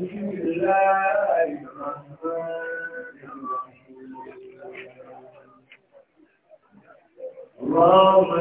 بسم الله الرحمن الرحيم اللهم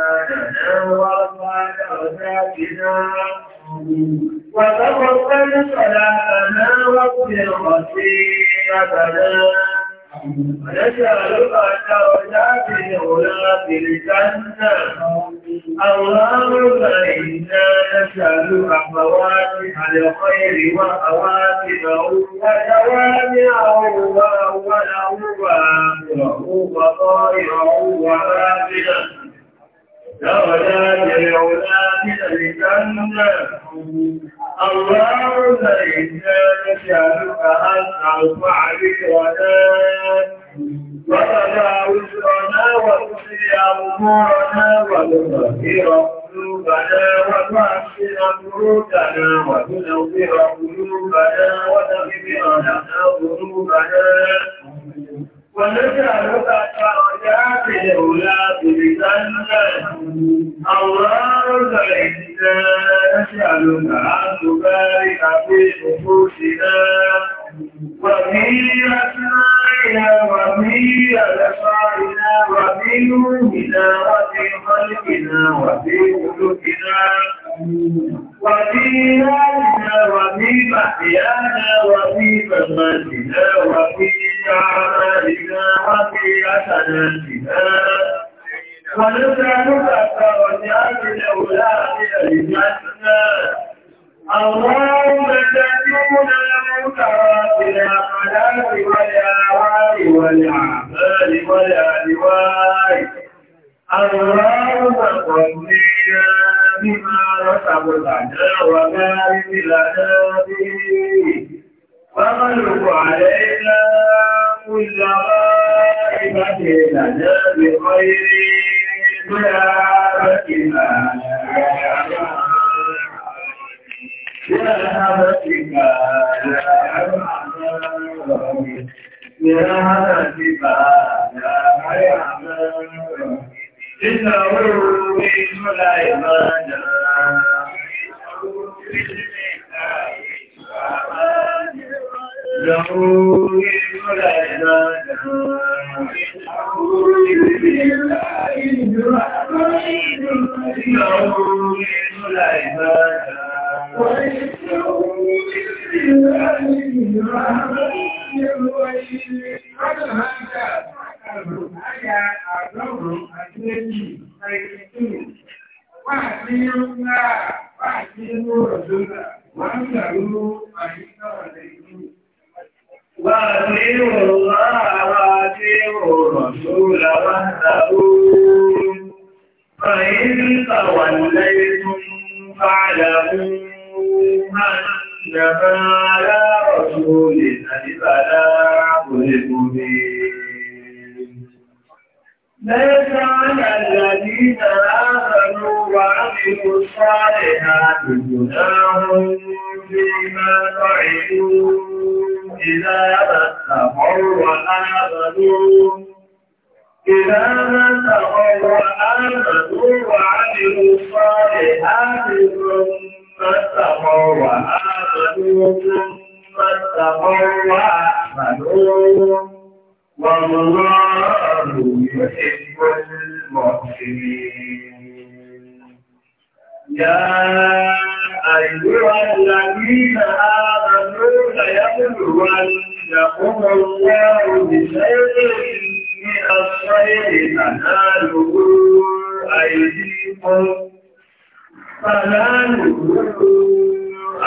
ربنا ورفعنا رفاتنا وتوفنا صلاتنا واغفر خطيئتنا ونسألك الدرجات الأولى في الجنة اللهم إنا نسألك خواتم الخير وخواتمه وتوابعه وأوله وآخره وطائره وآخره درجات العلا من الجنة اللهم إنا نسألك أن ترفع رضاك وتدع وزرنا وتسري أمورنا وتطهر قلوبنا وتحسن فروجنا وتنور قلوبنا وتغفر لنا ذنوبنا ونجعلك كرجات أولاد بسنة اللهم إنا نسألك أن تبارك في نفوسنا وفي أسمائنا وفي أبصارنا وفي نورنا وفي خلقنا وفي ملوكنا وفي نارنا وفي محيانا وفي مماتنا وفي أعمالنا وفي حسناتنا ونسألك درجات الأولاد الجنة اللهم تدعون المنكرات يا حلال ويا وال والعمال ويا لواي اللهم صلينا بما رسبتنا وبارك لنا به وغلق علينا كل غائبة لنا بخير يا رب العالمين يا هبتك لا يعمل يا هبتك لا يعمل إنه من سليمان له من سليمان له من سليمان فإن توليتم فاعلموا إنما على رسولنا البلاغ المبين ليس على الذين آمنوا وعملوا الصالحات جناح فيما طعموا إذا ما اتقوا وآمنوا إذا ما اتقوا وآمنوا وعملوا الصالحات جناح فاتقوا وآمنوا ثم اتقوا وآمنوا والله يحب المحسنين يا أيها الذين آمنوا ليبلونكم الله بشيء من الصيد تناله أيديكم Fàlánù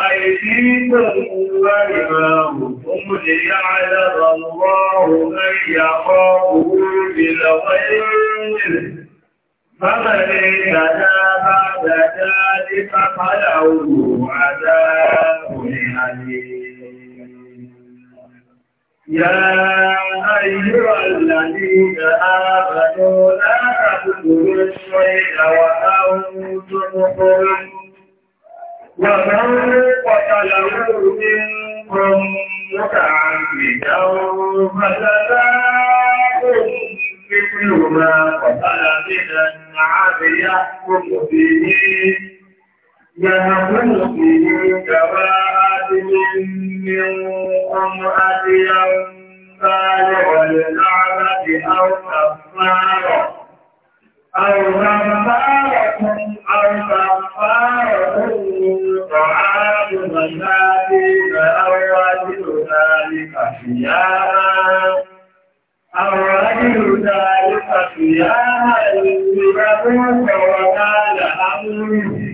àìdíkùn wà ìràwò, ó mú lè yá alára lọ́rùn mẹ́yà ọkùnrin ìlọ́wọ́ ìrìnlẹ̀. Fábẹ̀rẹ̀ ìdàdá bá dàdá ní pápádà òun àdá òun àdé. يا أيها الذين آمنوا لا تقتلوا الشيء وأنتم حرم ومن قتله منكم متعمدا فجزاء مثل ما قتل من العبد يحكم به يهمل به كواعد من قمأة أو بالغ الكعبة أو كفارة أو كفارة أو كفارة طعام مساكين أو رجل ذلك صياما أو رجل ذلك صياما لبروك وقال أمره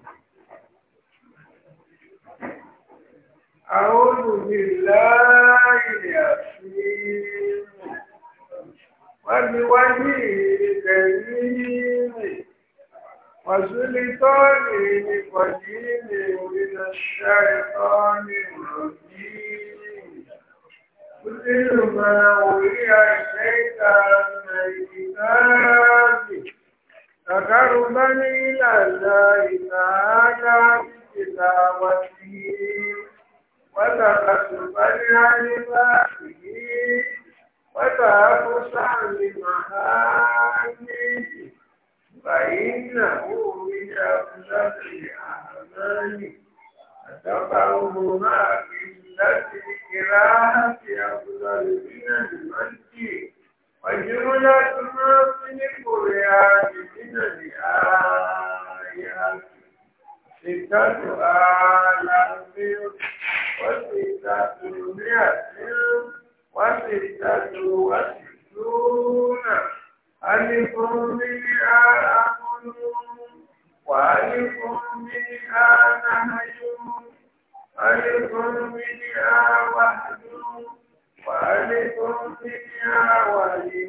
أعوذ بالله العظيم وبوجهه الكريم وسلطانه القديم من الشيطان الرجيم كل ما أولي إليك من الكتاب تقربا إلى الله تعالى بتلاوته وتقصفنا لباقه وتعفصا لمعانيه فإنه من أفضل الأعمال أتبعه ما قلة قراءة أفضل من المجد وجملة ما في القرآن من الآيات ìtọ́jú ara mi wọ́n sì ìtọ́jú ní àti wọ́n sì ìtọ́jú wọ́n sì lóòrùnà alifun mi ní ara múlú wà alifun mi ní ara náyó alifun mi ní ara wàdú wà alifun mi ní ara wàdí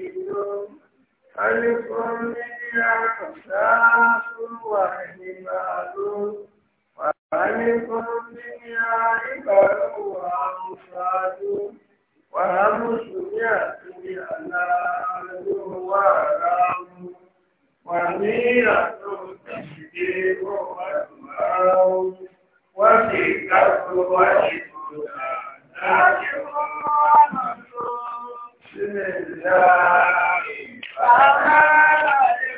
alifun mi ní. قساس وحمال وملك الدنيا عبر وأمصاد وهمس يأتي الآل ورام وميرة التشريع والموت وسكة والإبداع بسم الله الرحمن الرحيم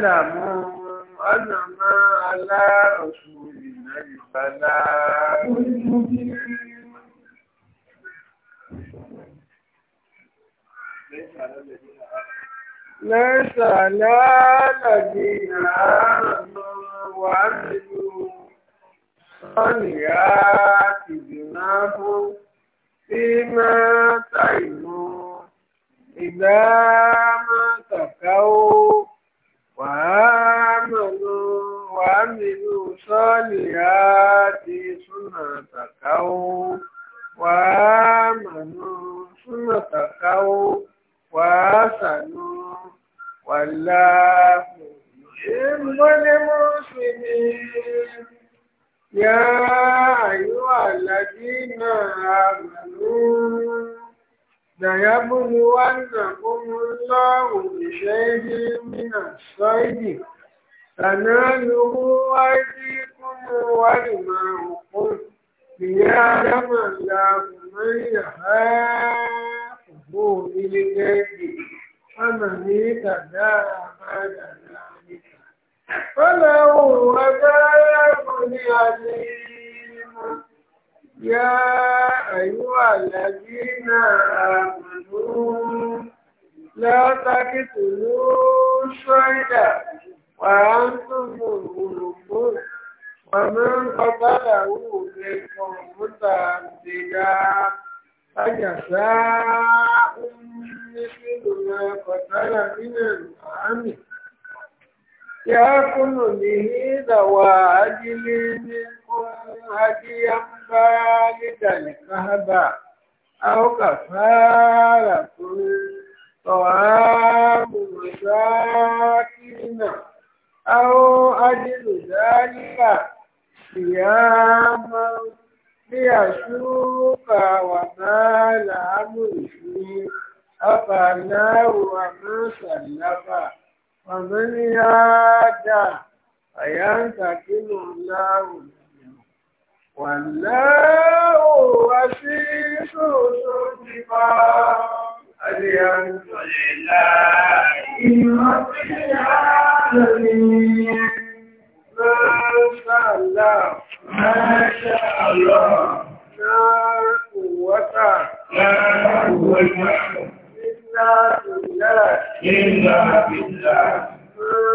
واعلموا أن ما على رسولنا البلاء المبين ليس على الذين آمنوا وعملوا الصالحات جناح فيما تعلمون إذا ما تقوا وآمنوا وعملوا صالحات سنة قوم وآمنوا سنة قوم وحسنوا والله يحب المحسنين يا أيها الذين آمنوا ليبلونكم الله بشيء من الصيد تناله أيديكم ورماؤكم ليعلم الله من يخافه بالغيب فمن اهتدى بعد ذلك فله عذاب عليم يا أيها الذين آمنوا لا تقتلوا الشهداء وأنتم الغلوب ومن قتله منكم متعمدا فجزاء مثل ما قتل من الأنعام يأكل به ذوى عدل منكم هديا بالغ الكهبة أو كفارة طعام مساكين أو أجل ذلك صياما ليشوق وبال أمره أفناه ومن سلف ومن يادى فينتقم الله والله عزيز ذو انتقام الحمد لله رب العالمين ما شاء الله ما شاء الله لا قوة لا قوة إلا بالله إلا بالله ما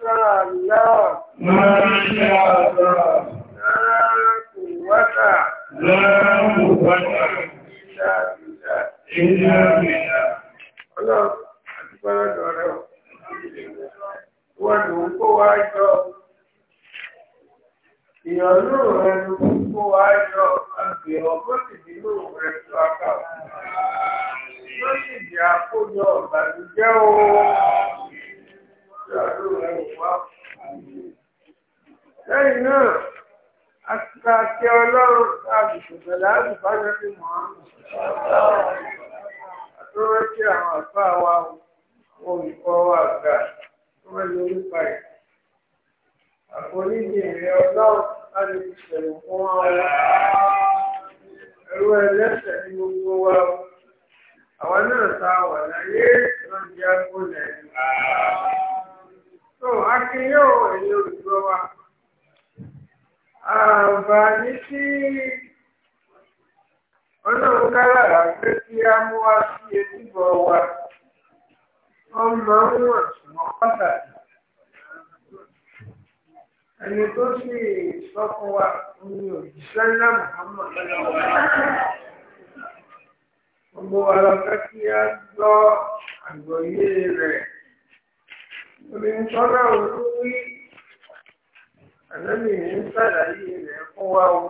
شاء الله ما شاء الله kúwátà láàmú kúwátà ìlà ìlà ìlà ìlà ọlọ́run àti gbọ́dọ̀ rẹ̀ wọ́n lò ó kó wá jọ ìyọ̀nù rẹ̀ ló kó wá jọ àgbèrò bó sì nínú rẹ̀ tó apá ló sì di àkójọ ìbànújẹ́ o ìyọ̀nù rẹ̀ wá. lẹ́yìn náà àti ọlọ́run láti ṣẹ̀ṣẹ̀ láti fájọ́rí mọ́hánù àtọ́rọ́ kí àwọn àfá wa olùkọ́ wa gbà tí wọ́n lè nípa ẹ̀ àforíjì rẹ̀ ọlọ́run láti fi ṣẹ̀lẹ̀ fún wa ẹ̀rọ ẹlẹ́sẹ̀ ní gbogbo wa àwọn náà ta wà láyé lọ́jọ́ agbóhùn ẹ̀ tó akínyẹ̀wò ẹ̀yẹ olùgbọ́ wa àǹfààní tí ọlọ́run káràrà pé kí á mú wá sí etíbọ̀ wa wọ́n máa ń wọ̀n ṣùgbọ́n pàtàkì ẹni tó sì sọ fún wa ní òjíṣẹ́ ńlá Muhammad gbogbo wa la fẹ́ kí á gbọ́ àgbọ́yé rẹ̀ orin tọ́lá òun wí ànábì ní sàlàyé rẹ̀ fún wa o.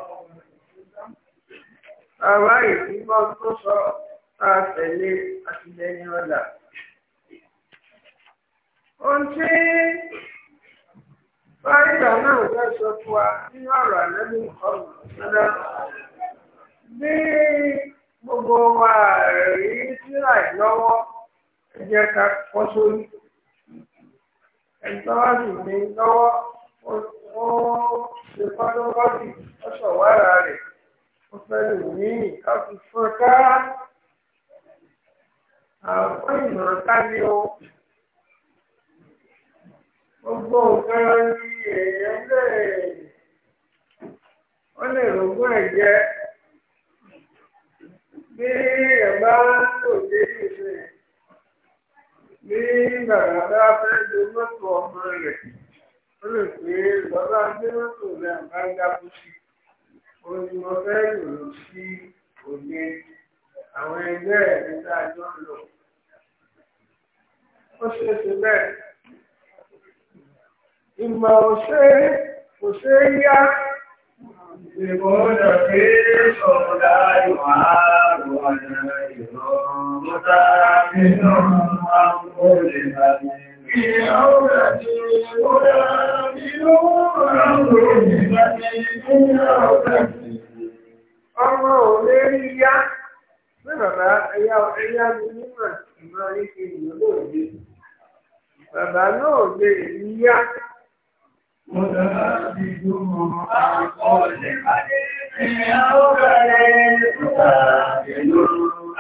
Bàbá ìdíbọ̀ tó sọ ká tẹ̀lé àtìlẹ́yìn ọ̀dà. Ohun tí Báyìí náà fẹ́ sọ fún wa nínú ọ̀rọ̀ àlẹ́bí ọ̀rọ̀ ṣẹlẹ̀. Bí gbogbo wa rí sí àìlọ́wọ́, ẹ jẹ́ ká kọ́ sórí. Ẹ̀tọ́ wá sì ní lọ́wọ́, ó ṣe fọ́lọ́wọ́dì ọ̀ṣọ̀wárà rẹ̀ ó fẹ́rẹ̀ yìí ká fi fún ká àwọn ìmọ̀ràn ká ní o gbogbo nǹkan ní èèyàn lè wọ́n lè rògbò ẹ̀jẹ̀ bí ẹ̀bá lò dé ìfẹ́ bí bàbá bá fẹ́ lo ó lè pé lọ́ba gbẹ́mọ́tò náà bá ń dákú sí ó ní mo fẹ́ lòlò sí òye àwọn ẹgbẹ́ ẹ̀mí tá a jọ ń lò ó ṣeé ṣe bẹ́ẹ̀ ìmọ̀ ò ṣe kò ṣe é yá. Ìbòdà kí sọ̀dá ìwà àrùn àjẹ́ ìrọ̀rùn mọ́ta nínú àwọn olè àti Ọmọ ò lè rí yá, ní bàbá ẹyá ẹyá mi nígbà tí máa rí kí ìlú lòdì. Bàbá náà lè rí yá. Mo dára bí gbogbo àwọn ọ̀lẹ́ pàdé ìrìn àwọn ọ̀rẹ́ ìlú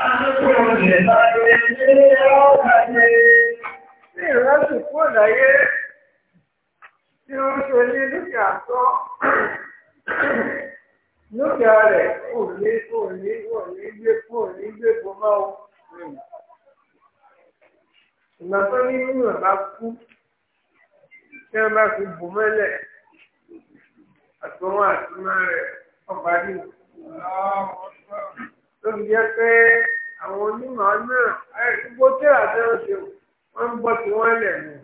àkọọ̀lẹ̀ pàdé ìrìn àwọn ọ̀rẹ́ tí ìrẹsì kúrò láyé tí ó ń ṣe ní dúkìá tó dúkìá rẹ̀ kò ní kò ní kò ní gbé kò ní gbé kò máa wọ. ìgbà tó ní nínú ẹ̀ bá kú tí wọ́n bá fi bò mọ́lẹ̀ àtọ́wọ́n àti máa rẹ̀ ọba yìí. lóbi jẹ́ pé àwọn onímọ̀ náà gbogbo tí àtẹ́wọ́n ṣe wò wọ́n ń bọ́ tí wọ́n lẹ̀ mú.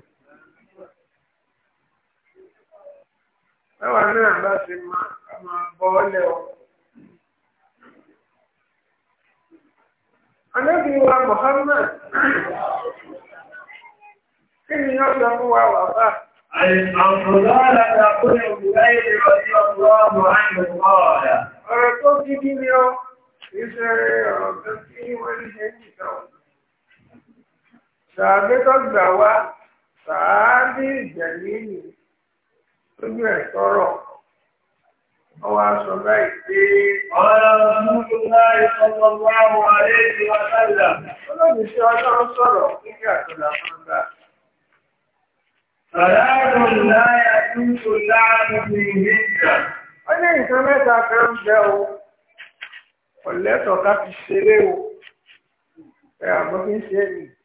báwa náà bá ṣe máa bọ́ ọ́lẹ̀ o. Ànábì wa Muhammad kí ni yóò sọ fún wa wà bá? Ọ̀rọ̀ tó gidi ni ó, ìṣẹ̀rẹ̀ ọ̀gá tí wọ́n ń ṣe nìkan sàbí tó gbà wá sàábì ìjẹ̀líìnì lójú ẹ̀ sọ̀rọ̀ ọwọ́ aṣọ báyìí pé ọ̀rọ̀ ọ̀sùn láì sọ̀rọ̀ láwọn ààrẹ ti wá sálà. olóògbé tí ọlọ́run sọ̀rọ̀ nígbà tó làwọn gbà. Sàlámù láyà túntò láàrin ní ìgbà. Ó ní nǹkan mẹ́ta kan ń bẹ o. Ọ̀lẹ́tọ̀ fi ṣeré o. Ẹ àgbọ̀ fi ń ṣe nìyí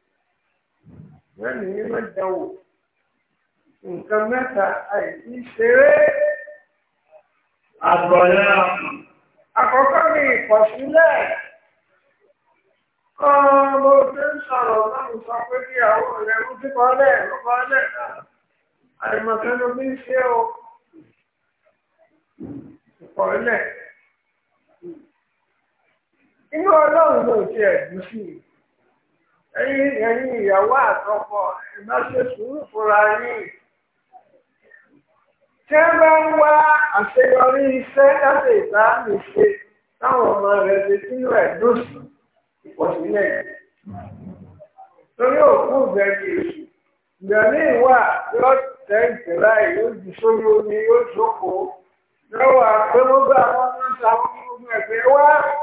wọ́n ní mẹ́dánwò nǹkan mẹ́ta àìsí ṣeré. àgbọ̀nà. àkọ́kọ́ ni ìkọ̀sílẹ̀. ọmọ òṣèré sọ̀rọ̀ láwọn sọ pé kí àwọn ọ̀rẹ́ mú sí kọ́lẹ̀ ló kọ́lẹ̀ náà àìmọ̀kánú bí ń ṣe o. ìkọ̀lẹ̀. inú ọlọ́run ló ti ẹ̀dùn sí i. ẹ̀yin ẹ̀yin ìyàwó àtọkọ ẹ má ṣe sùúrù fúnra yín tí ẹ bá ń wá àṣeyọrí iṣẹ́ láti ṣe táwọn ọmọ rẹ̀ ti sínú ẹ̀ lóṣù ìpọ̀sílẹ̀ torí òkú ìgbẹ́jì èṣù ìgbẹ̀mí ìwà lọ́tẹ̀ sórí omi yóò jókòó lọ́wọ́ àpéwọ́gbà wọn ń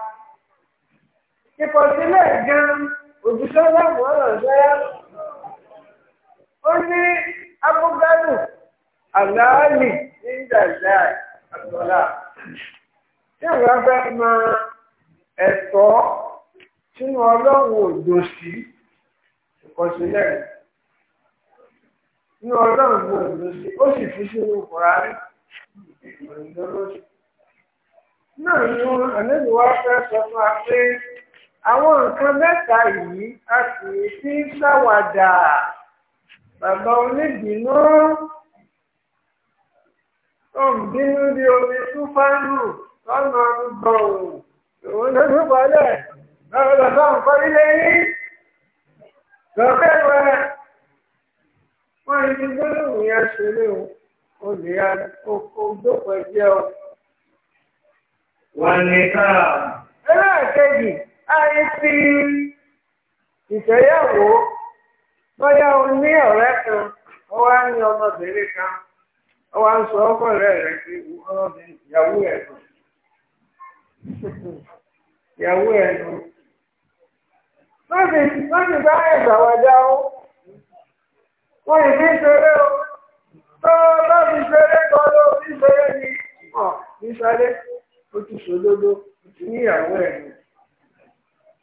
ìkọ̀sílẹ̀ gan òjíṣẹ́ láàmú ọ̀rọ̀ ṣẹ́yà. ó ní abúgbàdù àlàálì ní dàda àtọ́lá. tí ìwà fẹ́ mọ ẹ̀tọ́ sínú ọlọ́run òjò sí ìkọ̀sílẹ̀ ní ọlọ́run òjò sí ó sì fi sínú kùránì náà ni wọn àlejò wa fẹ́ sọ fún wa pé àwọn nǹkan mẹ́ta yìí a sì fi ṣàwàdà bàbá oníbìínú tó ń bínú bí omi túfánù lọ́nà gbọ̀ngàn òun ló ń balẹ̀ lọ́wọ́ bàbá nǹkan ilé yìí lọ́pẹ́ rẹ̀ wọ́n ti gbólóhùn yẹn ṣeré o olè ojókòó ẹgbẹ́ o. wọ́n ní ká. ẹlẹ́ẹ̀kejì. àìsí ìfẹ́yàwó bóyá o ní ọ̀rẹ́ kan ó wá ní ọmọbìnrin kan ó wá ń sọ ọkọ rẹ̀ rẹ̀ pé ìyàwó ẹ̀ nù ìyàwó ẹ̀ nù. wọ́n o tó kan ló ṣeré ní ó ti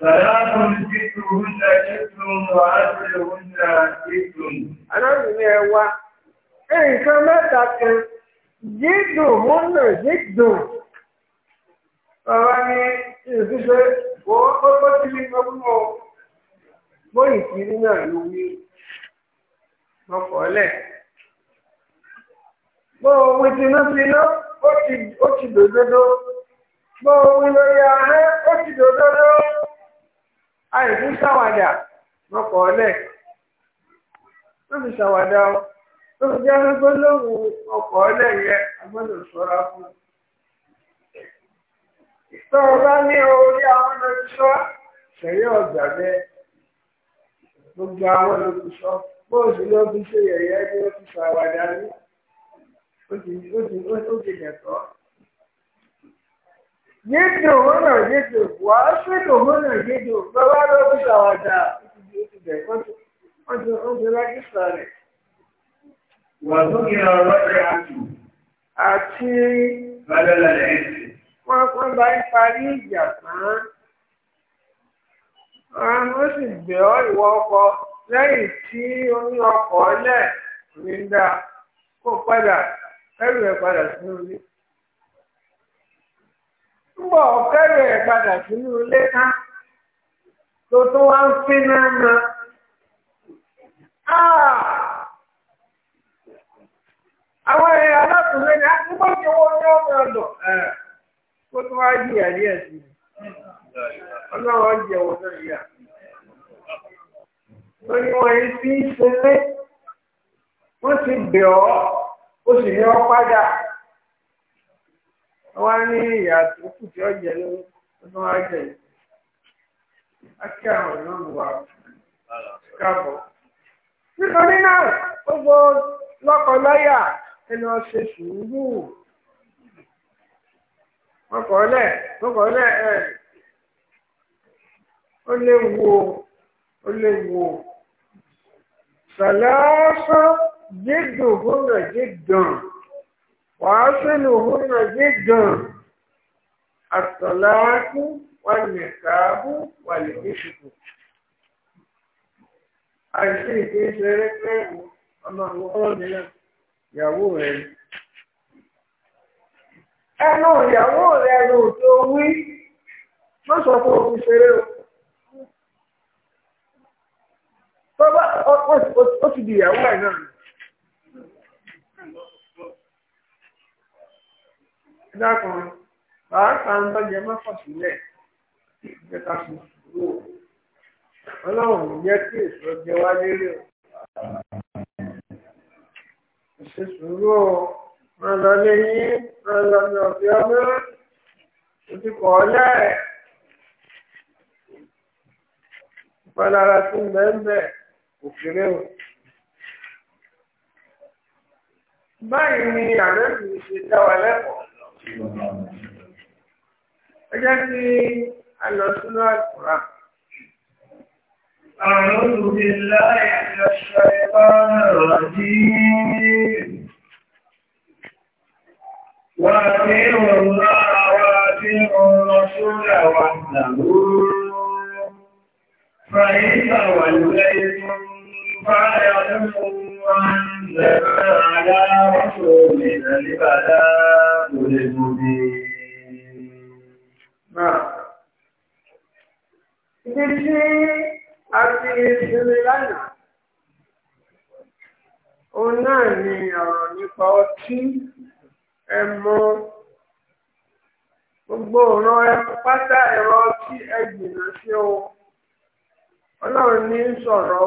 ثلاث جئتهن جئتم وعشرهن جئتم arábìnrin ẹ wá nǹkan mẹ́ta kan jídùn múnà jídùn bàbá ní ìṣúṣe wọ́n kọ́kọ́ tí ní gbọ́gbọ́ bóyìn kiri náà ló wí mọ́kànlẹ̀ bó wí tinútinú ó ti dòdòdó bó wí lórí ahẹ́ ó ti dòdòdó. àìsí ṣàwàdà wọn kọ̀ ọ́lẹ̀ fi ṣàwàdà ọ tó fi jẹ́ wípé lóhùn ọkọ̀ yẹ agbọ́dọ̀ fún un. bá ní orí àwọn olùṣọ́ ṣẹ̀yìn ọ̀gbà bẹ́ẹ̀ gbogbo àwọn bóòsì ló fi ṣe yẹ̀yẹ́ jíjù húnà jíjù wà á ṣètò húnà jíjù bàbá ló fi ṣàwàdà wọ́n ti rẹ́gísítà rẹ̀. wà á tún kíra ọlọ́dẹ àtù. àti. bàdàlà lẹ́yìn. wọ́n wọ́n bá ń parí ńgbọ̀ ọ̀kẹ́rẹ̀ ẹ̀ padà sínú ilé ká tó tó wá ń fi náà na. Ah! àwọn èèyàn alátùnlé ni àtúbọ̀ ti wọ́n ní ọmọ ọdọ eh, kó tún wá jìyà díẹ̀ sí ọlọ́run jẹ wọn náà wá ní ìyá tó kù tí ó jẹ ló tó wá jẹ á kí àwọn náà wà káàbọ̀. nítorí náà gbogbo lọ́kọ̀ọ́lọ́yà ẹni ọ̀sẹ̀ sùúrù mọ́kànlẹ̀ mọ́kànlẹ̀ ẹ̀ ó léwu o ó léwu o sàlẹ́ ọ̀sán jídùn fún rẹ̀ jídùn. وأصلهن جدا الطلاق والنكاب والفسق àìsí ìpínṣẹ́ rẹ́pẹ́ ọmọ àwọn mìíràn ìyàwó rẹ̀ ẹnu ìyàwó rẹ̀ ló tó wí ló sọ fún òfin ṣeré o ó ti di ìyàwó ẹ̀ dákun pàápàá ń tọ́jú ẹ má fọ̀ sílẹ̀ ìjẹta sí ìṣòro ọlọ́run ò jẹ́ kí èso jẹ wá lérè o ṣe sùúrù o máa lọ lé yín máa lọ ní ọ̀fẹ́ ọmọ o ti kọ̀ ọ́ lẹ̀ ìpalára sí mẹ́ńbẹ́ òkèrè o. báyìí ni àná ṣe dá wa lẹ́kọ̀ọ́. Ẹjẹ́ tí a lọ sínú àkùrá. أعوذ بالله من الشيطان الرجيم وأطيعوا الله وأطيعوا الرسول واحذروا فإن توليتم فاعلموا وأنزل على رسولنا البلاء المبين نعم Ìdíjí àti ìsinmi lánàá, òun náà ni ọ̀rọ̀ nípa ọtí ẹmọ gbogbo ọ̀ràn ẹmọ pátá ẹ̀rọ ọtí ẹgbìnà sí Ọlọ́run ní sọ̀rọ̀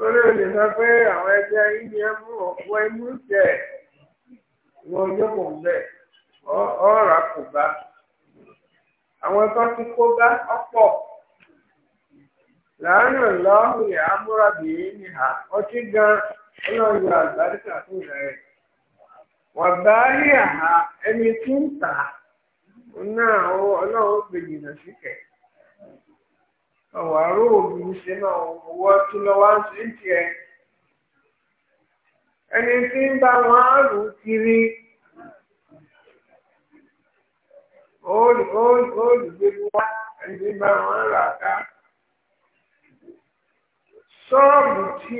lórí òde sọ pé àwọn ẹgbẹ́ yìí ni ẹ mú ọ̀pọ̀ ẹmú jẹ wọn yóò àwọn tó ti kó bá ọ̀pọ̀ láàánú lọ́hùn yà ha ọtí gan ọlọ́run àgbàdìkà ọ̀wà róògì ń ṣe náà owó tó lọ wá ń ṣe ń tiẹ̀. ẹni tí ń bá kiri olùgbèlú wá ẹni tí ń bá wọn á rà ká. ṣọ́ọ̀bù ti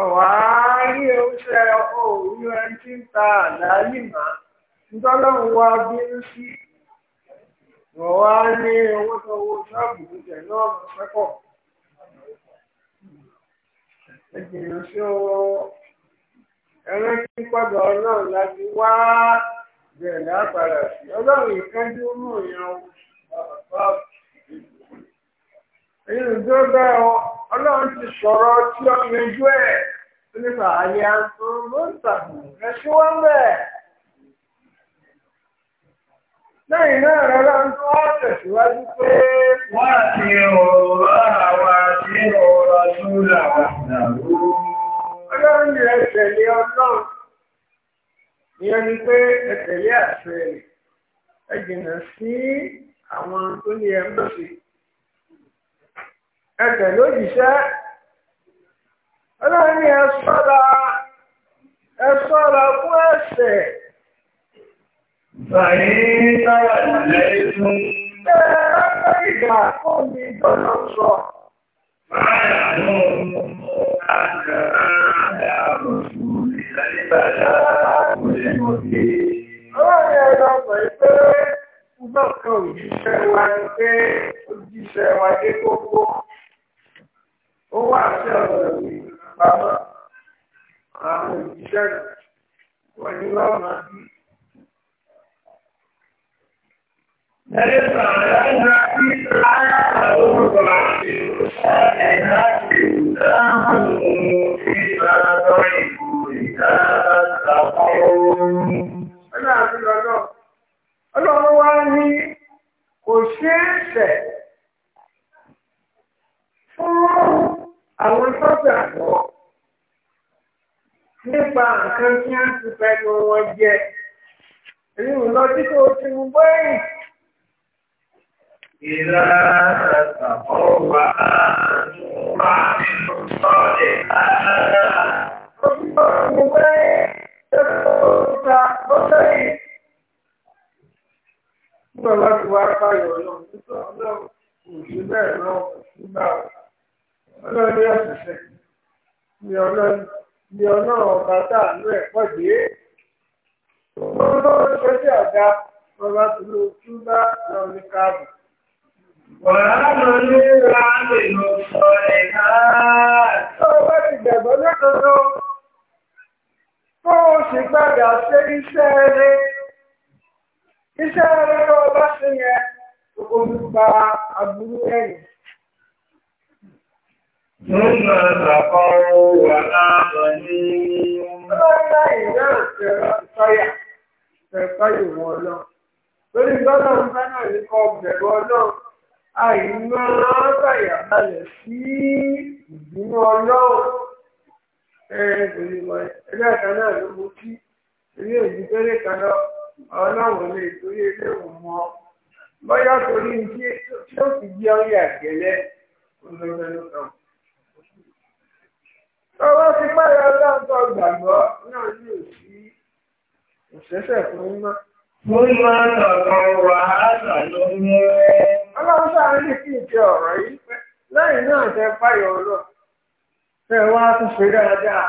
ọ̀wárí oúnjẹ òòrùn ẹni tí ń ta àdáyé mà ńtọ́lọ́run wá bínú sí ọ̀wá ní owó tó owó ṣọ́ọ̀bù náà lọ sẹ́kọ̀. ẹ̀jìnà sí owó ọlọ́run láti wá bẹ̀rẹ̀ sí ọlọ́run èyí tó bẹ́ẹ̀ ọ ọlọ́run ti sọ̀rọ̀ tí ó yanjú ẹ̀ nípa àyè àtún mọ́tàbù rẹ̀ wọ́n bẹ́ẹ̀. lẹ́yìn náà tẹ̀síwájú pé. wọ́n ọ̀rọ̀ wà ọlọ́run ni ẹ tẹ̀lé ọlọ́run ìyẹn ni pé ẹ tẹ̀lé àṣẹ ẹ jìnnà sí àwọn tó ní ẹ mọ̀ sí. ẹsẹ̀ lójìṣẹ́ ọlọ́run ní ẹ sọ́ra ẹ sọ́ra fún ẹsẹ̀. Bàyí táyà ìlẹ̀ ìtún. Ẹ ẹ́ ìgbà kó mi dọ́nà sọ. Báyà ló ń mú àgbà àbùsù ìlàlíbàdà àbùsùnmọ̀dé. Ọlọ́run ẹ̀rọ ọ̀pọ̀ ìpé ń bọ̀ kan òjíṣẹ́ wa ń pé òjíṣẹ́ wa dé gbogbo ó wà sí ọ̀rọ̀ ìwé pamọ́ àwọn òṣìṣẹ́ wọn ni wọ́n máa bí. Ẹ̀rẹ́ sọ̀rọ̀ ẹ̀rọ sí ara orúkọ àti ẹ̀dá sí ìdáhùn ìgbàlódé ìbò ìdáhàtàkọ́. Ọlọ́run àti lọ́lọ́, ọlọ́run wá ní kò ṣeé ṣẹ̀ fún àwọn sọ́jà gbọ́ nípa nǹkan tí wọ́n ti fẹnu wọn jẹ èyí ń lọ títí ti mú bẹ́ẹ̀. Ìlà àtàkọ́wà wà nínú sọ́ọ̀dẹ̀ náà. Ó ti mú bẹ́ẹ̀ tẹ́lẹ̀ tó ta lọ́sẹ̀ yìí. Nígbà láti wá báyọ̀ lọ, nígbà náà kò sí bẹ́ẹ̀ náà kò sí báyọ̀ ọlọ́run ní àṣìṣe ní ọlọ́run ọba táàánú ẹ̀ pọ̀ dé wọ́n lọ́wọ́ ṣe sí ọ̀gá ọba tó bá lọ ní káàbù. wàhálà ló ní ra lọ sọ ẹ̀ náà. ọba ti gbàgbọ́ lẹ́kọ̀ọ́ kó o sì padà ṣe iṣẹ́ rẹ iṣẹ́ rẹ lọ́wọ́ bá ṣe yẹn gbogbo nípa aburú ẹ̀yìn. ثم تقوا وآمنوا Lórí bá náà ní kọ bẹ̀rù ọlọ́run, àìmọ́ bàyà balẹ̀ sí ìdúnú ọlọ́run. Ẹgbẹ̀rún ẹgbẹ́ kan náà Bọ́yá torí tí ó sì jẹ́ orí ó Ọwọ́ ti pẹ́rẹ ọlọ́ǹtọ̀ gbàgbọ́ náà ní òsí òṣẹ́ṣẹ̀ fún mímọ́. Mo máa ń tọ̀kan wàhálà lọ́wọ́. Ọlọ́run sáà ní kí n ọ̀rọ̀ yìí pẹ́. Lẹ́yìn náà tẹ fáyọ̀ wá tún ṣe dáadáa.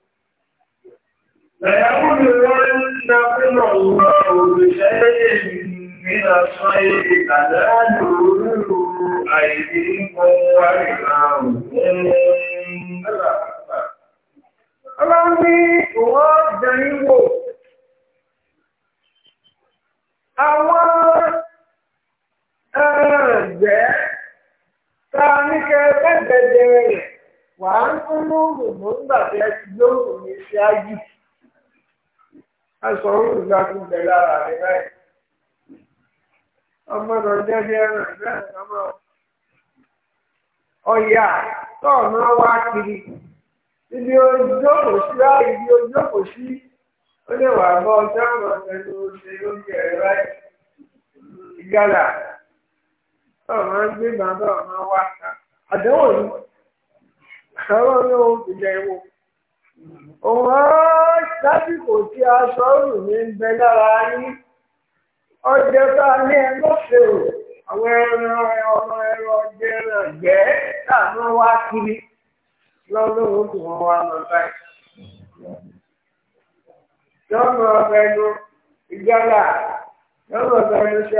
ليبلونكم الله بشيء من الصيد تناله أيديكم ورماؤكم Ọlọ́run ní ìwọ́ jẹyìn wò, àwọn ẹ̀rẹ̀ ta ní kẹfẹ́ bẹ̀rẹ̀ rẹ̀ wà ń fún lóòrùn mọ́ ń gbàfẹ́ lóòrùn ní ṣe ájì a sọ owó ìgbà tó bẹ lára rẹ báyìí ọmọ náà jẹ́jẹ́ ẹran ìgbà ọmọ ọ̀yà tọ́ọ̀nà wá kiri ibi ojókòó sí láì ibi ojókòó sí ó lè wà bọ́ sáwọn ọ̀sẹ̀lú ṣe lóúnjẹ rẹ báyìí ìgbàlà tọ́ọ̀nà gbé bàbá ọ̀nà wá àdéhùn ni àwọn ọ̀nà òkùnjẹ ìwò. òun lásìkò tí a òrù mi ń bẹ lára yín ọjọ́ tá a ní àwọn ẹran ọmọ ẹran ọjọ́ ẹran jẹ́ tàbí wá kiri lọ́dún òkú wọ́n wá lọ báyìí. lọ́nà ọ̀bẹ̀nu ìjọba lọ́nà ṣe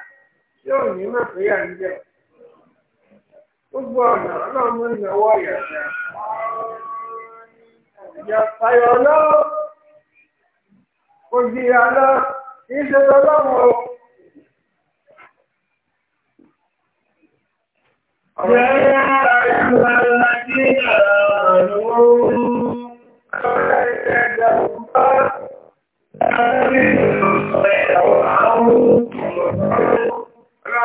tí ni ní mọ̀ ya ndị ń jẹ́ gbogbo ọ̀nà ọlọ́mọ ìnáwó ìyàtọ̀ ìjàpáyọ̀ ọlọ́wọ́ òjì àlọ́ kìí ṣe lọ́lọ́wọ́ ọ̀rọ̀ ìgbà láti àrùn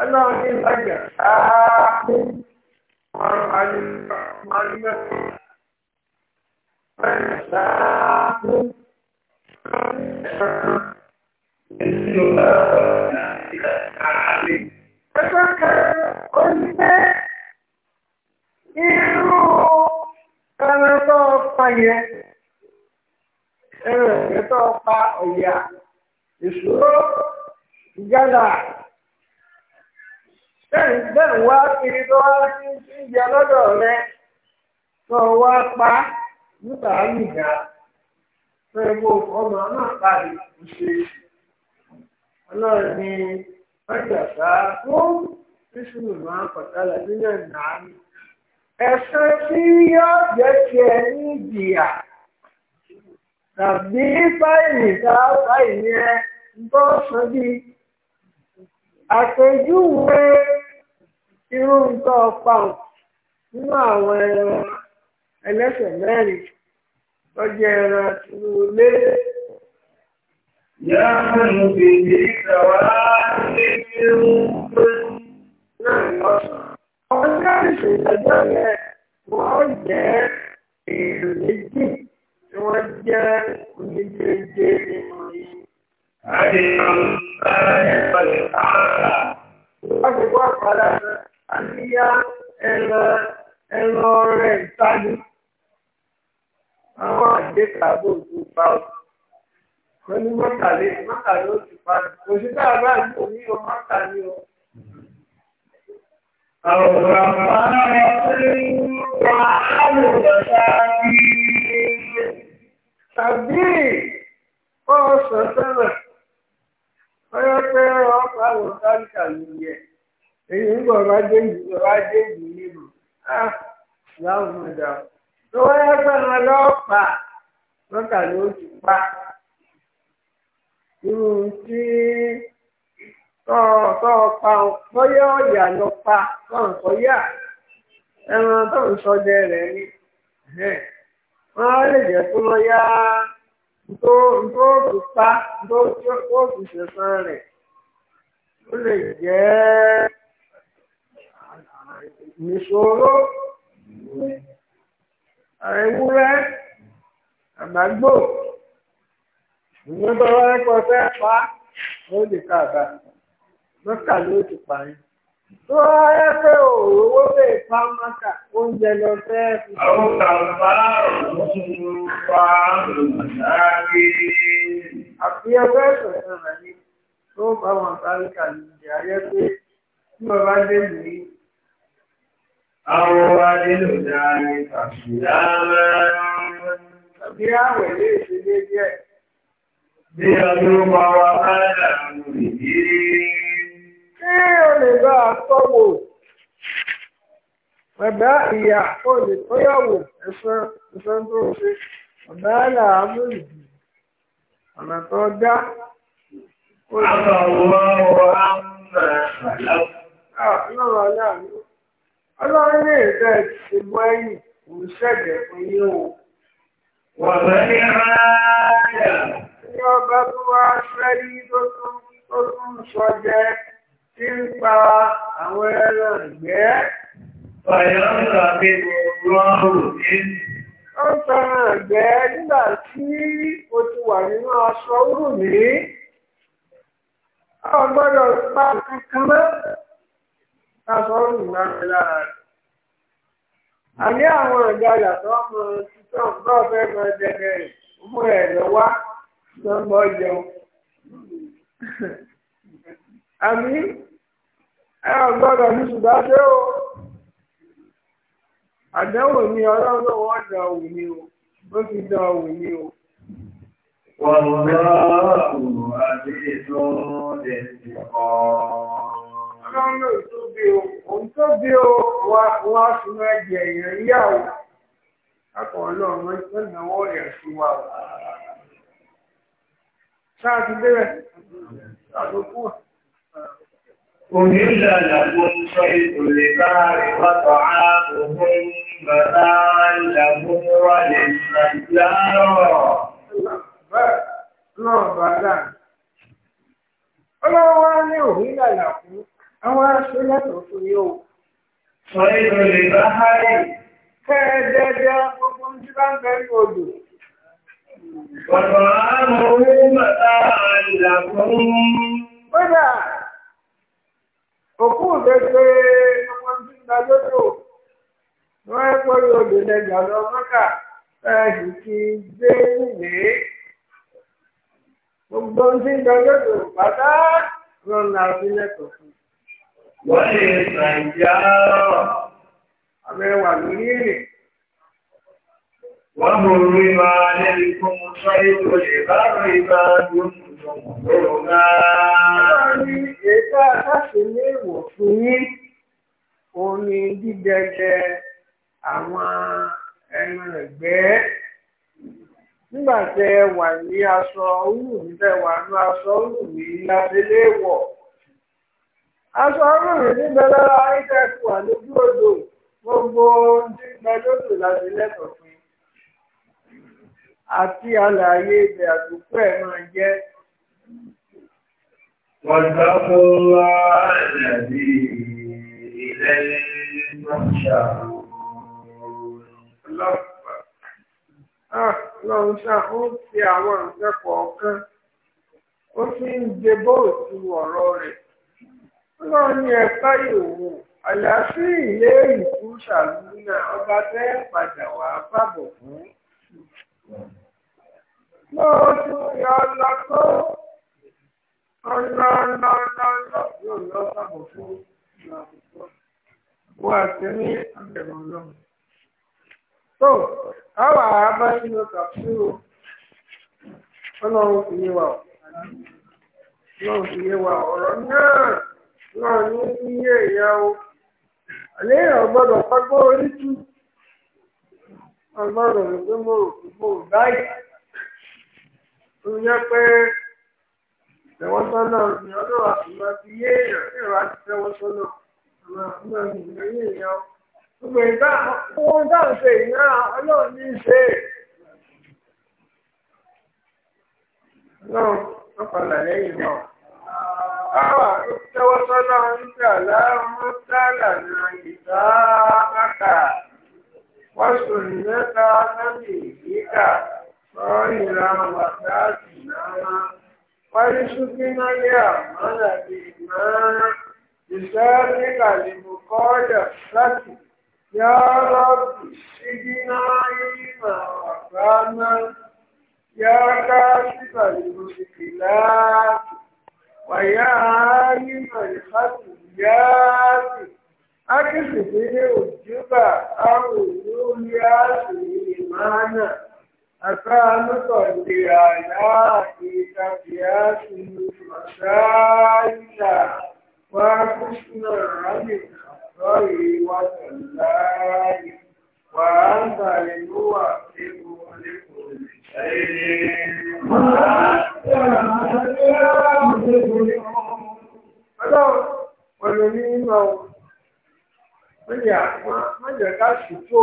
Ọlọ́run ní ìbàjẹ́ ààbò ọ̀rọ̀ àlùmọ́ Ọlọ́run ṣáàbò ọ̀rọ̀ ìlú ààrẹ. Ẹgbẹ́ kan ó ní pẹ́ irú ẹran tó bẹ́ẹ̀ wa wá kiri tó wá ní oúnjẹ lọ́dọ̀ rẹ tó wá pa nígbà ọmọ náà parí ìṣe ọlọ́run ní fún máa pàtàkì nínú ẹ̀sán tí yóò jẹ́ tàbí fáìlì tá a fáìlì ẹ̀ ń bọ́ àpèjúwe irú nǹkan ọ̀pá nínú àwọn ẹran ẹlẹ́sẹ̀ mẹ́rin tó jẹ́ ẹran tìlú ilé. Ìyá mi fi ní ìtàwá ní irú pé náà lọ. Àwọn aláìsàn ìdájọ́ rẹ̀ wọ́n jẹ́ èrò méjì tí wọ́n jẹ́ onídéédéé nínú yìí. Àṣìkò àpàdà àníyá ẹ̀rọ rẹ̀ ìtajú. Àwọn àgbékà bò ti pa ọ̀. Wọ́n ní mọ́tàlé, mọ́tàlé ó ti pa. Òṣìṣẹ́ àbá ìlú ní o mọ́tàlé o. Àwòrán máa ń wá àlùbọ̀sà ní ilé. Tàbí ọ̀sán sẹ́lẹ̀. onye pe ọkụ ahụ tanka n'uye èyí ń bọ̀ bá dé na bá dé ìlú nílùú láwùjọ ọ̀dà tó wáyé pé wọn ti pa pa lọ pa tó tó fi pa tó tó fi ṣẹ̀san rẹ̀ ó lè jẹ́ ìṣòro ewúrẹ́ àgbàgbò ìwọ́n tó wáyé pọ̀ fẹ́ pa ó lè kàbà lọ́kà ló ti pààyàn tó ẹ pé òwò lè pa máka oúnjẹ lọ fẹ́ fi. àwọn kàǹfà òun pa lòmọdáàbí. àfi ẹgbẹ́ ìṣẹ̀lẹ̀ rẹ̀ ni tó bá wọn sáré kàlí ìdí ayé pé tí wọ́n bá dé nìyí. àwọn tàbí àwẹ̀ lè ṣe déédéé. bí ọdún máa wá bá ó lè bá a tọ́wò bàbá ìyá ó ẹ̀sán tó ń ṣe bàbá làámú ìdí ọ̀nà tó dá. Ọlọ́run ní ìfẹ́ ti bọ́ ẹ̀yìn ṣẹ̀dẹ̀ fún yín o. ní ọba tó wá fẹ́ tó tún sọ jẹ́. tí ń pa àwọn ẹran ìgbẹ́. Fàyọ́nà ya rọrùn ní. Ó ń tọrọ nígbà tí o ti wà nínú aṣọ gbọ́dọ̀ pa mọ́. Aṣọ ń lára rẹ̀. àwọn náà fẹ́ àmì ẹ ní ṣùgbọ́n o àdánwò ni ọlọ́run wọ́n dán ni o ó fi ni o. Wọ́lọ́rùn àti ètò ẹ̀sìn kan. Ọlọ́run tó bí o, òun o, wọ́n á èèyàn yá Akọ̀ ìnáwó ti أهل لكم صيد البحر وطعامهم متاعا لهم وللسيارة. Ọlọ́run wá ní òhìn làlà fún àwọn aṣọ lẹ́tọ̀ọ́ fún yóò. Sọ èdè lè bá hárì. Kẹ́ẹ̀dẹ́dẹ́ gbogbo ń jí bá ń bẹ̀rù odò. àmọ̀ fún. òkú òfefe ọmọ tí ń gba lódò wọn ẹ pẹ̀lú obìnrin ẹgbàá lọ mọkà ẹsì ti nílé gbogbo fún. wọ́n lè àbẹ̀wà lórí wọ́n mú orí máa sọ́yìn bá rí máa Ètò àtàṣe ní ìwọ̀ fún yín, òun ni dídẹdẹ àwọn ẹran ẹ̀gbẹ́. Nígbà tẹ wà ní aṣọ orú mi tẹ wà ní aṣọ orú mi láti lé wọ̀. Aṣọ orú mi níbẹ̀ lára ayíkẹ́kù wà lójú odò gbogbo ohun tí lódò láti lẹ́tọ̀ọ́ Àti àlàyé ibẹ̀ àdúgbò ẹ̀ máa jẹ́. واتقوا الله الذي إليه تحشرون Ọlọ́run ṣáà ó fi àwọn nǹkan kọ̀ọ̀kan, ó fi ń debó òtún ọ̀rọ̀ rẹ̀. Ọlọ́run ní ẹ̀ka ìwò, àlàáfíà ilé ìkú ṣàlùmínà ọba tẹ́ padà wà bàbọ̀ fún. Lọ́wọ́ tún yọ ọ lọ tó. ńláńláńláńlá yóò lọ sábọ̀ fún ìlà àkùkọ. Wọ́n àti ní o. wa ọ̀rọ̀ náà náà ní o. Àléèyàn na pàgbọ́ Ọgbọ́dọ̀ rẹ̀ pé tẹ̀wọ́ sọ́nà ni ọlọ́wà kò máa yé èèyàn yé èèyàn gbogbo ìgbà ohun tá à ń ṣe ìná ọlọ́run ní í ṣe wọ́n padà lẹ́yìn náà. Àwọn àtúntẹ́wọ́ sọ́nà ń gbà ìgbà bàkà. Wọ́n sùn mẹ́ta náà. Paríṣúkínáyà mọ́nà bí máa ìṣẹ́ nígbà ni mo kọ́ yà láti yá rọ́bì ṣígíná ìmọ̀ ọ̀gá náà yá ká síbà ni mo sì kì láàbì wàyá ìmọ̀ ìfàtì yáàbì ákìsì nílé òjúbà àwọn òjò yáàbì ìmọ̀ náà. أكانت لآياتك قياس مسائلا وكشنا عن الخطر وسلاي وأنت الموفق لكل شيء Ọlọ́run, ọ̀rọ̀ ní ìmọ̀ ọ̀hún, mẹ́jẹ̀ ká ṣùtò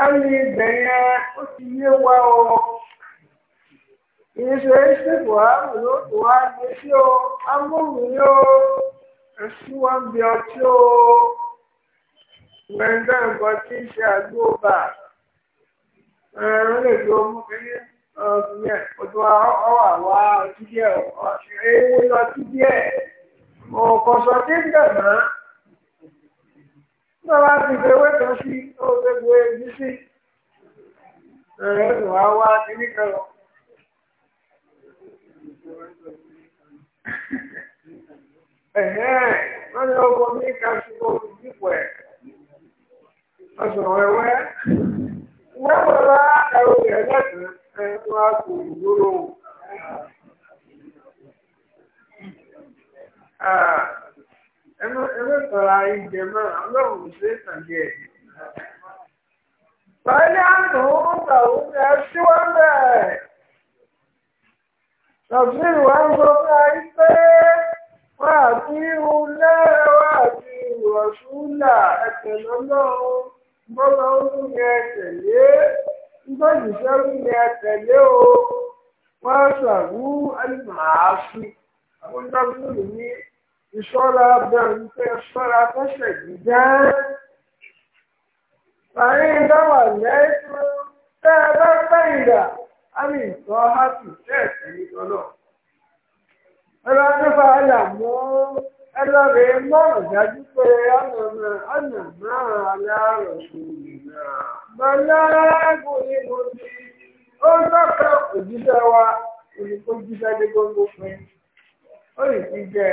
á ní ibẹ̀ yẹn ó ti yé wa o kìí ṣe ṣètò àrùn ló tó wá gbé sí o amóhùn ni o wọn bí ọtí o gbẹ̀ngàn nǹkan tí ń ṣe àgbóòbà ẹ̀rọ lè tó mú kiri ọ̀sùnmíẹ̀ òtún ọwà wá ọtí díẹ̀ ọ̀sùn ewu lọtí díẹ̀ ọ̀kọ̀ṣọ́ tí ń dàgbà. Bọ́lá ti fewé kan sí oṣogbo ẹbí sí. Ẹ̀rẹ́ tó wá wá kíní kan lọ. Wọ́n ní ọkọ̀ mi ká ṣubú ìdìbò ẹ̀. Ọ̀sán wẹ́wẹ́. Wẹ́wẹ́ bá ẹ̀rọ rẹ̀ lẹ́sìn ẹ̀ tó ẹlẹ́tọ̀ra ìjẹ náà ọlọ́run ṣe é tàbí ẹ̀. Báyìí àná ó gbà ó ní ẹṣí wá bẹ́ẹ̀. Tọ̀síì wá ń sọ fún ayé pé wọ́n àti irun lẹ́rẹ̀ wọ́n àti ìwọ̀súnlà ẹ̀tẹ̀ lọ́lọ́run bọ́lá ó ní ní ẹ̀tẹ̀lé ìlú ní ìṣọ́ra bẹ̀rù pé ṣọ́ra fẹ́sẹ̀ jíjá. Àárín dáwà lẹ́ẹ̀tún tẹ́ ẹ bá gbẹ̀yìndà, á ní ìtọ́ hátì tẹ́ẹ̀sì nítọ́lọ̀. Ẹ̀rọ Adéfà Àlà mú ẹlọ rèé mọ̀rọ̀ dájú pé ọ̀nà náà aláàrọ̀ ṣòwò náà. Bàlá ẹ̀gùn ni mo ti ó tọ́ka òjíṣẹ́ wa, òní kó gbogbo pin, ó lè ti jẹ.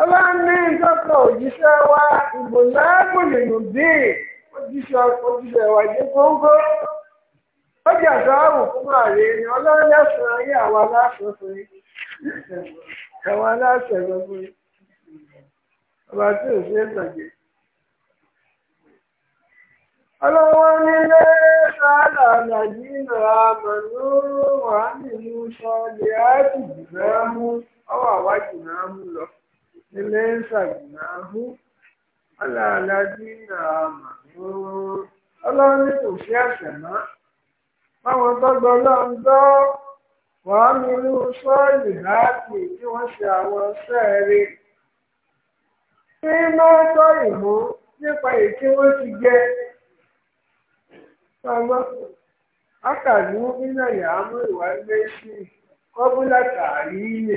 ọlọ́ni ìjọba òjíṣẹ́ wa ìbòlágbòlèlò bíi òjíṣẹ́ wa jẹ́ góńgó ó jà sáàbù fún ààrẹ ni ọlọ́run ayé ọba tí ò ṣe é ọlọ́wọ́ nílé sáàlà àmàlú wàhálì náà mú ọwọ́ náà mú lọ. ilé ń ṣàgbìnáhù aláàlájú náà màmú ọlọ́run ní kò sí ẹ̀ṣẹ̀ mọ́ báwọn tọ́gbọ́ ọlọ́run gbọ́ wàá mi ní sọ́ọ̀lì láti tí wọ́n ṣe àwọn sẹ́ẹ̀rí tí máa tọ́ ìmú nípa èyí tí wọ́n ti jẹ́ ọmọ akàdúgbò nínú ìyàmú ìwà ilé sí kọ́bùlà tààrí ilé.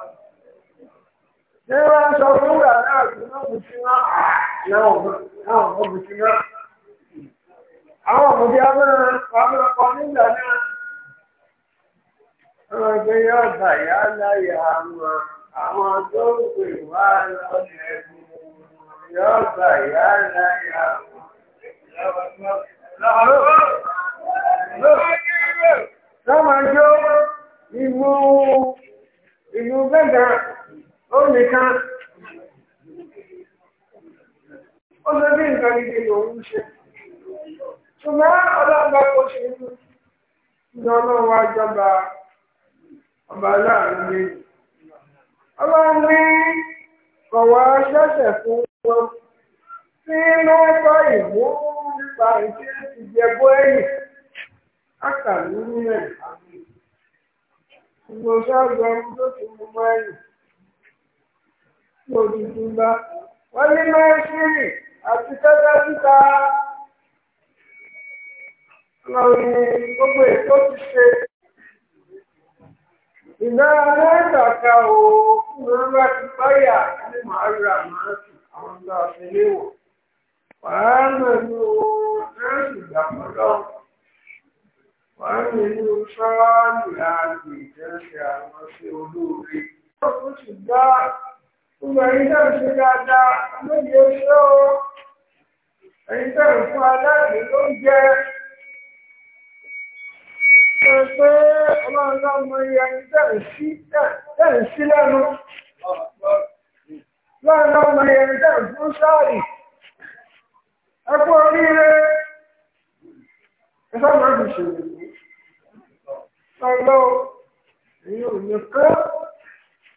ní wọ́n sọ fún ìgbà náà tí wọ́n kọ àwọn tó ń pè wá lọ́dẹ̀ yóò ó nìkan ó lọ bí nǹkan gidi lòun ṣe ṣùgbọ́n ọlọ́gbà kò ṣe ní ní ọlọ́run àjọba ọba láàrin méjì ọlọ́run ní kọ̀wá ṣẹ̀ṣẹ̀ fún wọn tí ló ń kọ́ ìmú nípa ìdí ìjẹ́bú ẹ̀yìn nílẹ̀ tó ti mú lórí túnbá wọ́n ní mẹ́ṣírì àti tẹ́tẹ́ síta lórí gbogbo ètò ti ṣe ìgbà mẹ́ta ká o fún mi láti báyà ní màá ra màá sì àwọn ọ̀gá ọ̀sẹ̀lẹ̀ wọ̀ wàá mẹ́nu nọ́ọ̀sì gbàgbọ́ lọ́wọ́ wàá mẹ́nu sọ́ọ̀lù àgbè ìjẹsẹ̀ àwọn ṣe olóore. ó sì dá Gbogbo ẹ̀yin náà ṣe dáadáa, lóye ṣó. Ẹ̀yin náà fún aláìní ló ń jẹ́. Ṣé pé ọlọ́run náà mọ iye ẹni tẹ̀ ń sí lẹ́nu? Lọ́run náà mọ iye ẹni tẹ̀ ń fún sáàrì. Ẹ kú oríire. Ẹ sábà máa ń ṣèlú. Ọlọ́run, èyí ò ní kán.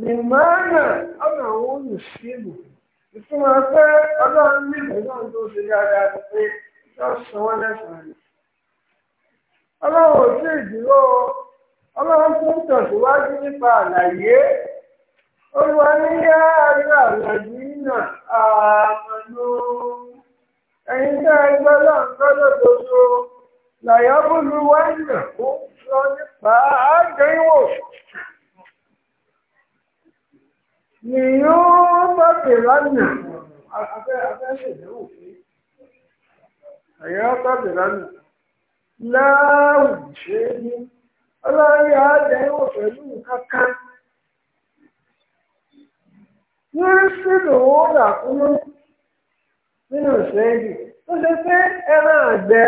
nìmọ́nà ọ̀nà àwọn olùsílù ìtumọ̀ pé ọlọ́run nílùú náà tó ṣe dáadáa ni pé yóò san wọ́n lẹ́sàn-án rẹ̀. ọlọ́run ò sí ìdúró ọlọ́run tó ń tẹ̀síwájú nípa alaye olùwà ní yá ara àlàyé náà àmàlú ẹ̀yin tẹ́ ẹgbẹ́ náà nìyó tọ́kì lánàá afẹ́ ṣèdánwò pé ní ọlọ́rí àádẹ́wò pẹ̀lú kankan ní sílò owó làkúnú nínú ìṣẹ́yìn tó ṣe pé ẹran àgbẹ̀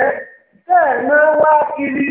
bẹ́ẹ̀ máa wá kiri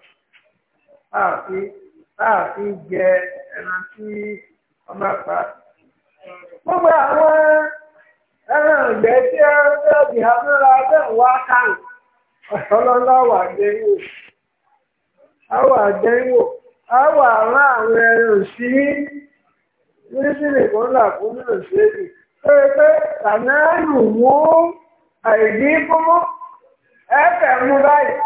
táàfin jẹ ẹran tí ọmọ pa. gbogbo àwọn ẹran ìgbẹ́ tí di àmúra bẹ́ẹ̀ wá wà àwọn ẹran sí pé àìdí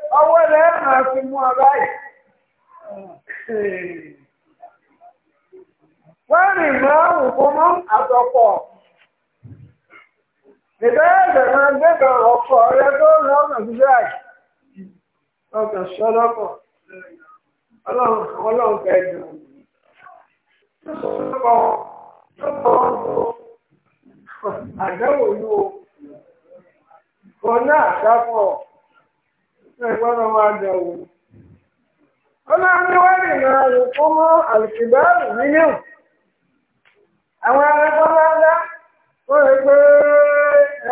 ọwọ́ rẹ̀ máa fi mú ọ báyìí. wọ́n rìn máa ń kó mọ́ àtọ̀pọ̀. ìbéèrè máa gbẹ́dọ̀ ọkọ̀ rẹ tó ń lọ́nà gbígbà yìí. ọkàn sọ́lọ́kọ̀ ọlọ́run fẹ́ dùn. Àdáwò ló kọ náà dápọ̀ ẹ̀gbọ́dọ̀ máa dẹ̀ wò. ó máa ń wáyé náà lò fún mọ́ àlùkìbáàrù nínú. àwọn ẹgbẹ́ lọ́dá ó rí pé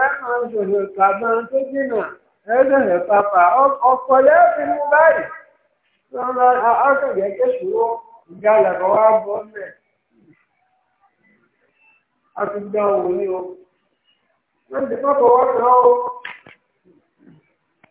ẹ máa ń sọ̀rọ̀ tàbọn tó jìnnà ẹ dẹ̀rẹ̀ pàpà ọkọ̀ lẹ́ẹ̀fì mú báyìí. lọ́nà ọ̀sẹ̀gẹ̀ kéṣùwọ́ ìjàlẹ̀ kan wá bọ́ mẹ́. a ti dán òun ní o. wọ́n ti kọ́kọ́ wọ́n kan ó.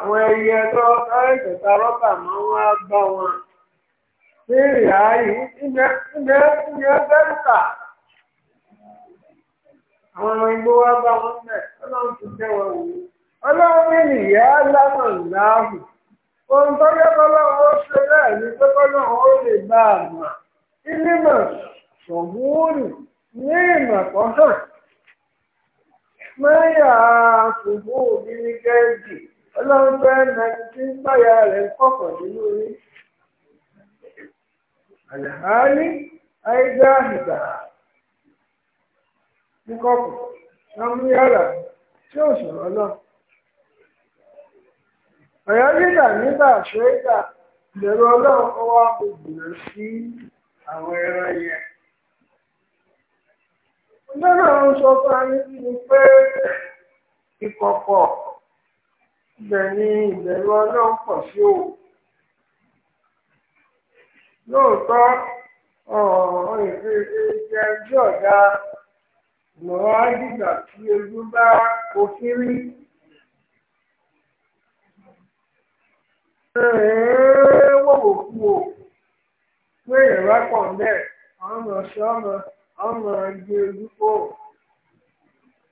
àwọn ẹyẹ tó ẹ̀ẹ́dẹ̀ta rọ́bà máa ń wá bá wọn ní ìhà yìí ìyẹn bẹ́ẹ̀ta àwọn ọmọ igbó wá bá wọn mẹ́ ọlọ́run ti tẹ́ wọn wò ó ọlọ́run ní ìyá lánàá láàbù ohun tó yẹ kọ́lọ́run ó ṣe bẹ́ẹ̀ ni pé kọ́lọ́run ó lè bá a mọ̀ ìlímọ̀ ṣọ̀gbúnrù ní ìmọ̀ kọ́hàn mẹ́yà àfùgbò òbí ní gẹ́ẹ̀dì. ọlọ́run fẹ́ nàìjíríà ń gbáyà rẹ̀ kọ̀kọ̀ nínú orí. àlàáhálí àìjá ìgbà ní kọ̀kọ̀ tí ó sọ̀rọ̀ náà. ọ̀yọ́ nígbà ṣẹ́gbà ìbẹ̀rù ọlọ́run sí àwọn ẹran yẹn. Ọlọ́run sọ fún ayé pé ìkọ̀kọ̀. ibẹ̀ ni ìbẹ̀rù ọlọ́run pọ̀ sí o lóòótọ́ ọ̀rọ̀ ìfẹ́ jẹ́ ọ̀gá lọ́wọ́ dìgbà tí ojú bá òfin rí. wòwò kú o pé ìrora pọ̀ bẹ́ẹ̀ ọmọ sọ́mọ ọmọ ẹgbẹ́ ojú kò.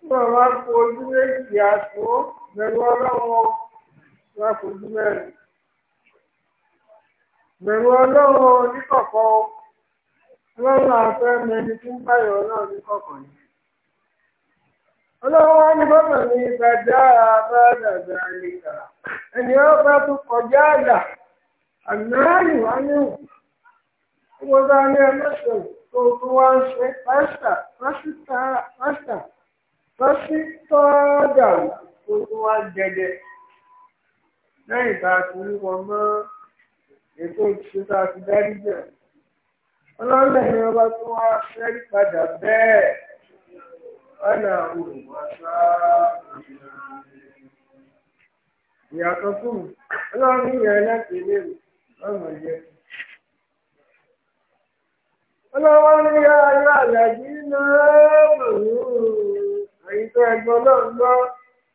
Wọ́n wá kó ojú méjì àtó bẹ̀rù ọlọ́run wá fojú mẹ́rin bẹ̀rù ọlọ́run oníkọ̀kọ́ ọlọ́run àfẹ́ mẹni fún báyọ̀ ọlọ́run oníkọ̀kọ́ yìí ọlọ́run wá ní bọ́mọ̀ ní ìgbàjá àbádàgbà àlèkà ẹni ó bá tún kọjá àdà àgbáyé wá níwò gbogbo bá ní ẹlẹ́sẹ̀ tó tún wá ń ṣe pásítà pásítà pásítà pásítà dàrú. ó tún wá jẹjẹ lẹ́yìn tá a ti rí wọn mọ́ ètò ìṣẹ́ tá a ti dárí jẹ̀ ọlọ́lẹ̀ ni ọba tó wá fẹ́rí padà bẹ́ẹ̀ ọ̀nà olùwàsá ìyàtọ̀ fún mi ọlọ́run yẹn láti ilé ọ̀nà ní ayé àlàjì náà mọ̀ ní ẹgbọ́n náà ń gbọ́.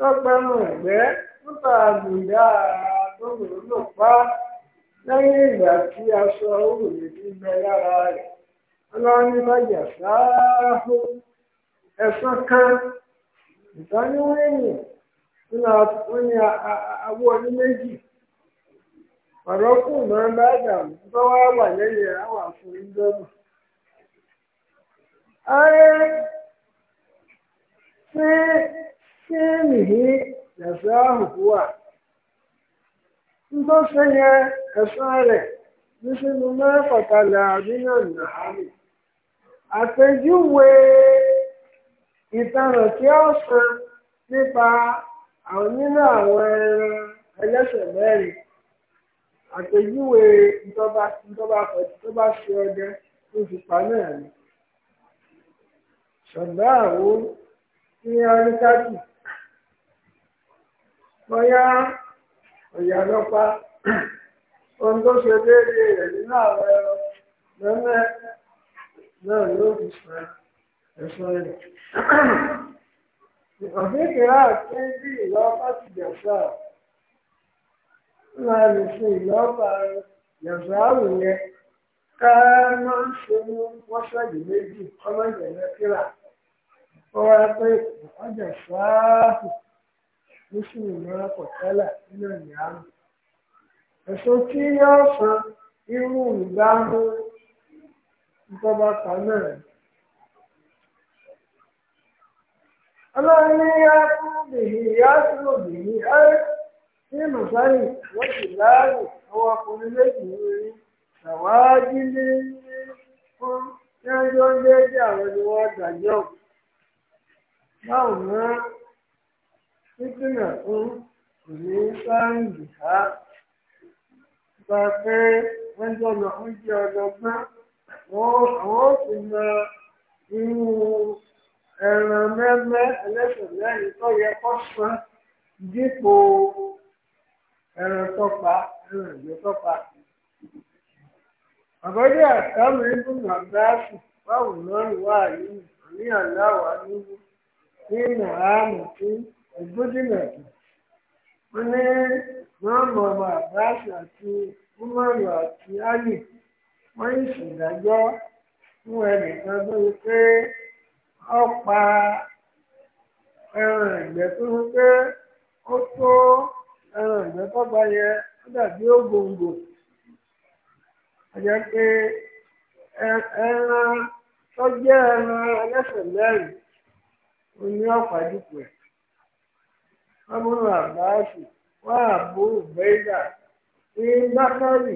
lọ́gbẹ́nu ẹ̀gbẹ́ nípa àgùdà àtọ́rọ̀ ló pa lẹ́yìn ìgbà tí aṣọ òrùlé ti bẹ lára rẹ̀ ọlọ́run bá jà sááhó ẹ̀sán kan ìtọ́níwẹ̀yìn nínú oyin awó ọdún méjì ọ̀rọ̀ kù bá tó wá wà lẹ́yìn àwọn kéèmìhì lẹ̀sẹ̀ àhùhùwà ntọ́sẹ̀ yẹ ẹ̀sán rẹ̀ ní sínú mẹ́fọ̀tàlẹ̀ àdínà nàárì àpèjúwe ìtanràn tí ó san nípa àwọn nínú àwọn ẹran ẹlẹ́sẹ̀ mẹ́rin àpèjúwe ntọ́ba ntọ́ba ntọ́ba ṣe ọdẹ tó fi pa náà ni ṣọ̀dá àwọn ní aríkàtì. bóyá ọ̀yà lọ́pa ohun tó ṣe déédéé rẹ̀ nínú àwọn náà yóò fi san ẹ̀sán rẹ̀. ọ̀fíìkìrá ṣe ń bí ìlọ́ pàtìjọ́sà máa lè fi ká méjì ọmọ ó wá nísìnyí máa pọ̀ tẹ́lẹ̀ nínú ìyá rẹ̀. ẹ̀sùn tí yóò san irú ìdáhùn ìjọba kan náà. ọlọ́run ní yákùnbìnrin yákùnbìnrin ẹ́ ti mùsáyì wọ́n sì ní orí ṣàwáájí ní fún yánjọ́ ń déédé àwọn ni wọ́n báwo fítínà fún ìlú sáǹgì á gba pé wọ́n jọ̀nà oúnjẹ ọlọ́gbọ́n àwọn ó sì mọ irú ẹran mẹ́mẹ́ ẹlẹ́sìn lẹ́yìn tó yẹ kó san dípò ẹran tọ́pa ẹran ìgbẹ́ tọ́pa. àbọ̀dé àtàmì ìbùnà gáàsì báwo náà wà yìí ní àláwà nínú nínú àmì tí. ògbódìlẹ̀ wọn ní mọ́ọ̀mù ọmọ abbas àti umaru àti ali wọ́n yìí ṣèdájọ́ fún ẹnìkan lórí pé ó ẹran tó ń pé ọ tó ẹran amúnú àbáṣù wọn àbú bẹ́ẹ̀dà sí bákàrí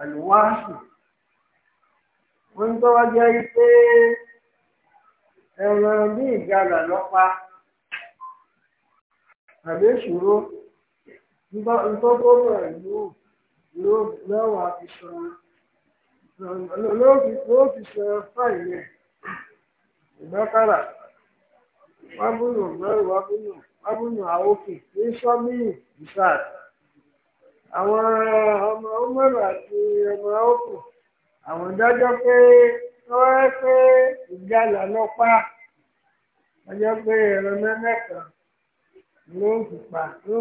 àlùwáṣù wọn tọ́wọ́ jẹ́ pé ẹran bí ìgalà lọ́pa àbí ìṣòro ntọ́kọ́mọ̀ ìlú lọ́wọ́ àti sọ̀rọ̀ fáìlì wábùnú wábùnú. amúnú àwòkè ní sọ́mìnì isaac àwọn ọmọ umaru àti ọmọ àwòkù àwọn dájọ́ pé wọ́n pé ìjàlá lọ pa ọjọ́ pé ẹ̀rọ mẹ́mẹ́kan ló ń fipá ló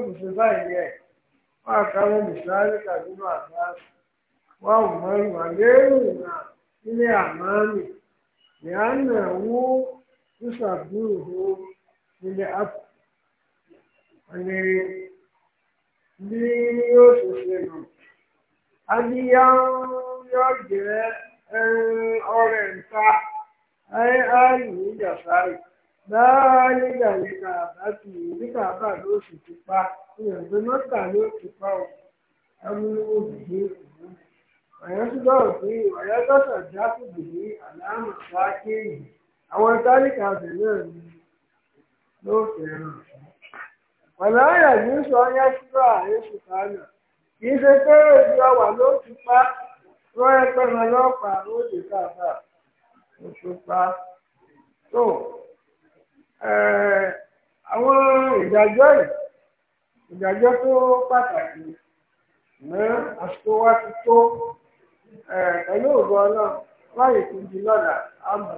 ń fi báyìí ẹ̀ wọ́n àkàwọn ìsáré kàdúrà àbáṣe wọ́n na mọ ndị ápù wọn ni bí yóò ṣe ṣe anyị adíyá na jẹ ọrẹ nta ayé ààyè níjà sáré báyé gàlẹ́ kàbá tì í ụzọ kàbá ló sì ti pa ìyàgbé mọ́tà ló ti pa ọ́ ẹmúlówó abịa n'ofe ahụ mana anya bụ a ịfụta anya ka ihe pere ọwa n'otu kpa rụọ ekpe n'ọkwa n'oge tata otu so àwọn ìdájọ́ yìí ìdájọ́ tó pàtàkì ní àsìkò wa náà láyé di lọ́la á mọ̀